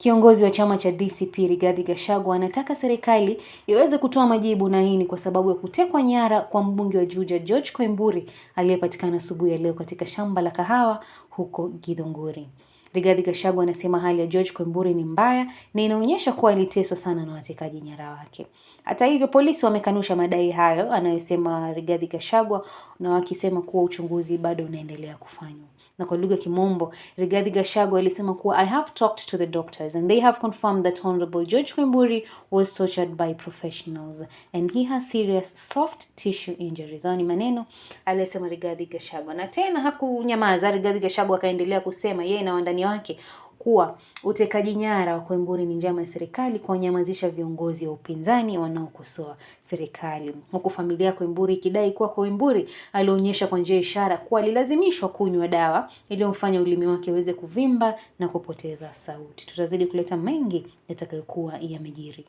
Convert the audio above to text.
Kiongozi wa chama cha DCP Rigathi Gachagua anataka serikali iweze kutoa majibu na hii ni kwa sababu ya kutekwa nyara kwa mbunge wa Juja George Koimburi aliyepatikana asubuhi ya leo katika shamba la kahawa huko Githunguri. Rigathi Gachagua anasema hali ya George Koimburi ni mbaya na inaonyesha kuwa aliteswa sana na watekaji nyara wake. Hata hivyo, polisi wamekanusha madai hayo anayosema Rigathi Gachagua na wakisema kuwa uchunguzi bado unaendelea kufanywa. Na kwa lugha kimombo, Rigathi Gachagua alisema kuwa I have talked to the doctors and they have confirmed that Honorable George Koimburi was tortured by professionals and he has serious soft tissue injuries. Hayo ni maneno aliyosema Rigathi Gachagua. Na tena hakunyamaza, Rigathi Gachagua akaendelea kusema yeye na wandani wake kuwa utekaji nyara wa Koimburi ni njama ya serikali kuwanyamazisha viongozi wa upinzani wanaokosoa serikali, huku familia ya Koimburi ikidai kuwa Koimburi alionyesha kwa njia ishara kuwa alilazimishwa kunywa dawa iliyomfanya ulimi wake uweze kuvimba na kupoteza sauti. Tutazidi kuleta mengi yatakayokuwa yamejiri.